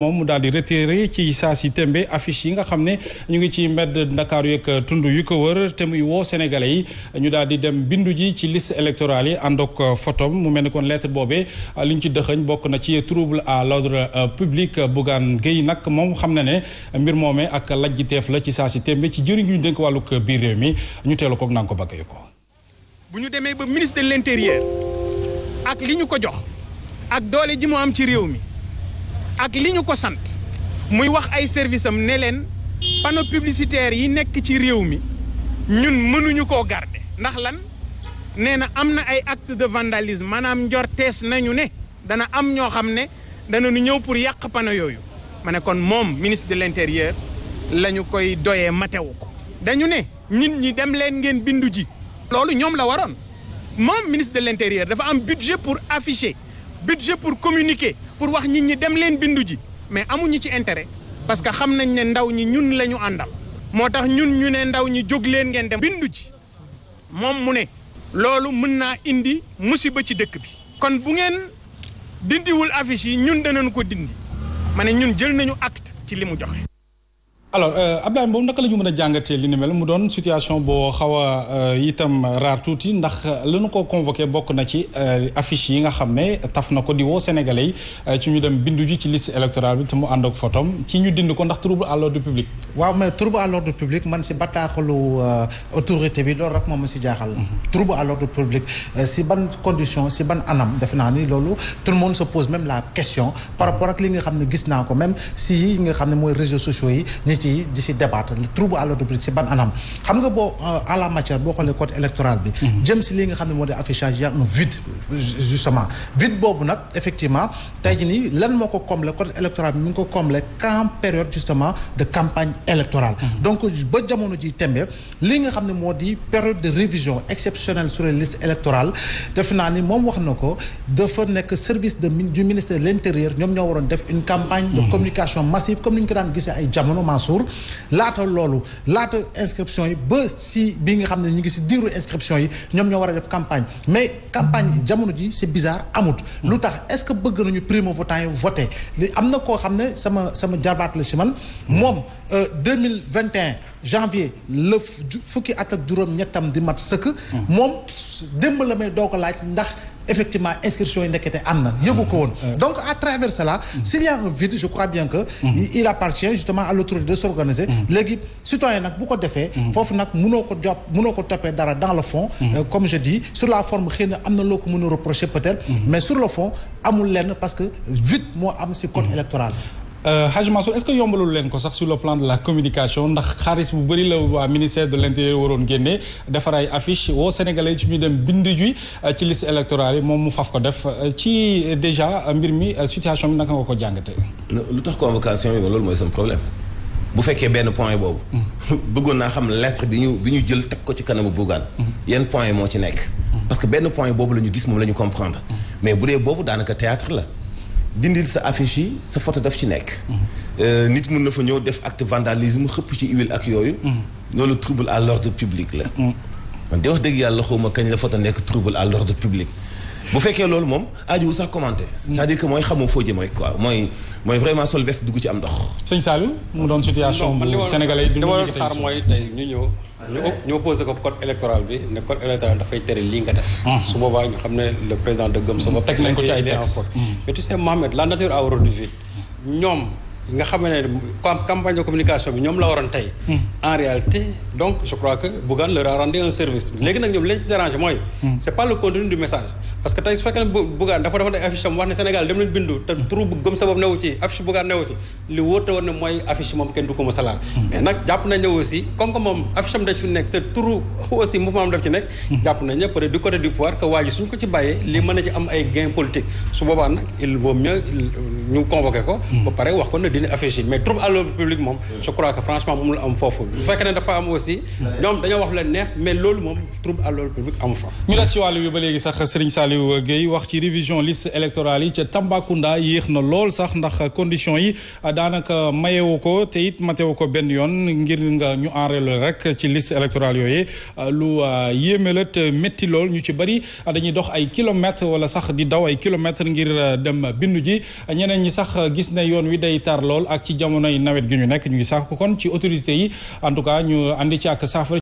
moom mu daal di retiré ci saa si tembe affiche yi nga xam ne ñu ngi ci mbedd ndakaaru yeeg tund yi ko wër te muy woo sénégalais yi ñu daal di dem bindu ji ci liste électorale yi ànd ak mu mel ni kon lettre boobe li ñu ci dëxëñ bokk na ci trouble à l'ordre public Bougane Gueye nag moom xam na ne mbir moomee ak lajjiteef la ci saa si tembe ci jëriñ ñu dénk wàllug biir réew mi ñu teelu koog nanga ko baggee ko bu ñu demee ba ministre de l'intérieur ak li ñu ko jox ak doole ji mu am ci réew mi ak li ñu ko sant muy wax ay service am ne leen panneau publicitaire yi nekk ci réew mi ñun mënuñu koo garder ndax lan nee na am na ay acte de vandalisme maanaam njortees nañu ne dana am ñoo xam ne dana nu ñëw pour yàq panneau yooyu ma kon moom ministre de l'intérieur la ñu koy doyee matewu ko dañu ne nit ñi dem leen ngeen bindu ji loolu ñoom la waroon moom ministre de l'intérieur dafa am budget pour afficher budget pour communiquer pour wax nit ñi dem leen bindu ji mais amuñu ci intérêt parce que xam nañ ne ndaw ñi ñun lañu ñu àndal. moo tax ñun ñu ne ndaw ñi jóg leen ngeen dem bindu ji moom mu ne. loolu mën naa indi musiba ci dëkk bi. kon bu ngeen dindiwul affiche yi ñun danañ ko dindi ma ne ñun jël nañu acte ci li mu joxe. alors euh, Abdoulaye Mbow naka la ñu mën a jàngatee li ni mel mu doon situation boo xaw a euh, itam raar tuuti ndax la nu ko convoqué bokk na ci euh, affiche yi nga xam ne taf na ko di woo sénégalais ci ñu dem bindu ji ci liste électorale bi te mu ànd ak photom ci ñu dind ko ndax trouble à l'ordre public waaw mais trouble à l'ordre public man si bataaxalu autorité bi loolu rek moom ma si jaaxal mhm. trouble à l'ordre public si ban condition si ban anam defe naa ni loolu tout le monde se pose la question par rapport ak li nga xam ne gis naa ko même si yi nga xam ne mooy réseaux yi di ci di si débattre trouble à l'ordre public ban anam xam nga boo euh, à la matière boo xoolee côté électoral bi mhm. jëm si nga xam ne moo di affichage y a un boobu nag effectivement tey nii lan moo ko comblé côté électoral bi mi ngi ko comblé qu'en période justement de campagne électorale mhm. donc ba jamono ji tembe li nga xam ne moo di période de révision exceptionnelle sur les listes électorales def naa ni moom wax na ko dafa nekk service de ministère de Mansour laata loolu laata inscription yi ba si bii nga xam ne ñu ngi si diiru inscription yi ñoom ñoo war a def campagne mais campagne jamono ji c'est bizarre amut lu tax est-ce que bëgg nañu primo votant yi vote li am na koo xam ne sama sama jarbaat la si man moom 2021 euh, janvier la fukki at ak juróom ñettam di mat sëkk. Hmm. moom démb la may doo laaj ndax effectivement inscription yi nekkete am na yëgu ko hmm. woon donc à travers la hmm. s'il y a un je crois bien que il appartient justement à l'autorité de s'organiser léegi citoyen nag bu ko defee foofu nag mënoo ko job munoo ko toppee dara dans le fond euh, comme je dis sur la forme xëy na am na loo ko mën a reprocher peut-être mais sur le fond amul lenn parce que vide moo am si code Euh, Hadj Mansour est-ce que yombalul leen ko sax su le plan de la communication ndax xaalis bu bëri la waa ministère de l'intérieur waroon génne defar ay affiche woo sénégalais ci ñu dem bind euh, ci liste électorale yi moom mu faf ko def euh, ci déjà mbir mi situation bi naka nga ko jàngatee. lu tax convocation yi loolu mooy seen problème bu fekkee benn point boobu. Mm. bëggoon naa xam lettre bi ñu bi ñu jël teg ko ci kanamu Bougane. Mm. yan point moo ci nekk. Mm. parce que benn point boobu la ñu gis moom la ñu comprendre. mais bu dee boobu daanaka théâtre la. dindil sa affiche sa photo daf ci nekk. Euh, nit mun na fa ñëw def acte vandalisme xëpp ci huile ak yooyu. loolu trouble à l'ordre public la. man wax dëgg yàlla xawma kañ la photo nekk trouble à l'ordre public. bu fekkee loolu moom aajuwul sax commenté. cest dire que mooy xamoo foo jëm rek quoi mooy mooy vraiment sol veste dugg ci am ndox. sëñ Saliou mu doon situation bu sénégalais yi. dund xaar mooy tey ñu ñëw. ñu ñu opposé ko code électoral bi ne code électoral dafay tere lii nga def. Hmm. su boobaa ñu xam ne le président de Gëm Sa teg nañ ko ci ay texte hmm. mais la nature a horreur ñoom. nga xam ne campagne de communication bi ñoom la waroon tey. Hmm. en réalité donc je crois que Bougane leur a un service. léegi nag ñoom leen ci dérange mooy. Hmm. c' pas le contenu du message. parce que tey su fekkee ne Bougane dafa defoon ay affiche wax ne Sénégal dem leen bindu te hmm. turu gëm sa newu ci affiche Bougane newu ci li wóor te woon ne mooy affiche kenn du ko mos a mais nag jàpp nañ ne aussi comme que moom affiche fi nekk am daf ci nekk. dina affiché mais trouble à l'ordre public moom je crois que franchement moom la am foofu bu fekkee ne dafa am aussi ñoom dañoo wax la neex mais loolu moom trouble à l'ordre public amu fa ñu des ci wàllu bi ba léegi sax Serigne Saliou Gueye wax ci révision liste électorale yi ca Tambacounda yéex na lool sax ndax conditions yi daanaka mayewu ko te it matewu ko benn yoon ngir nga ñu enrôler rek ci liste électorale yooyu lu euh, yéeme la te métti lool ñu ci bari dañuy dox ay kilomètres wala sax di daw ay kilomètres ngir euh, dem bindu ji ñeneen ñi sax gis na yoon wi day tar lool ak ci jamonoy nawet gi ñu nekk ñu ngi sàkku kon ci autorité yi en tout cas ñu àndi ci ak saafara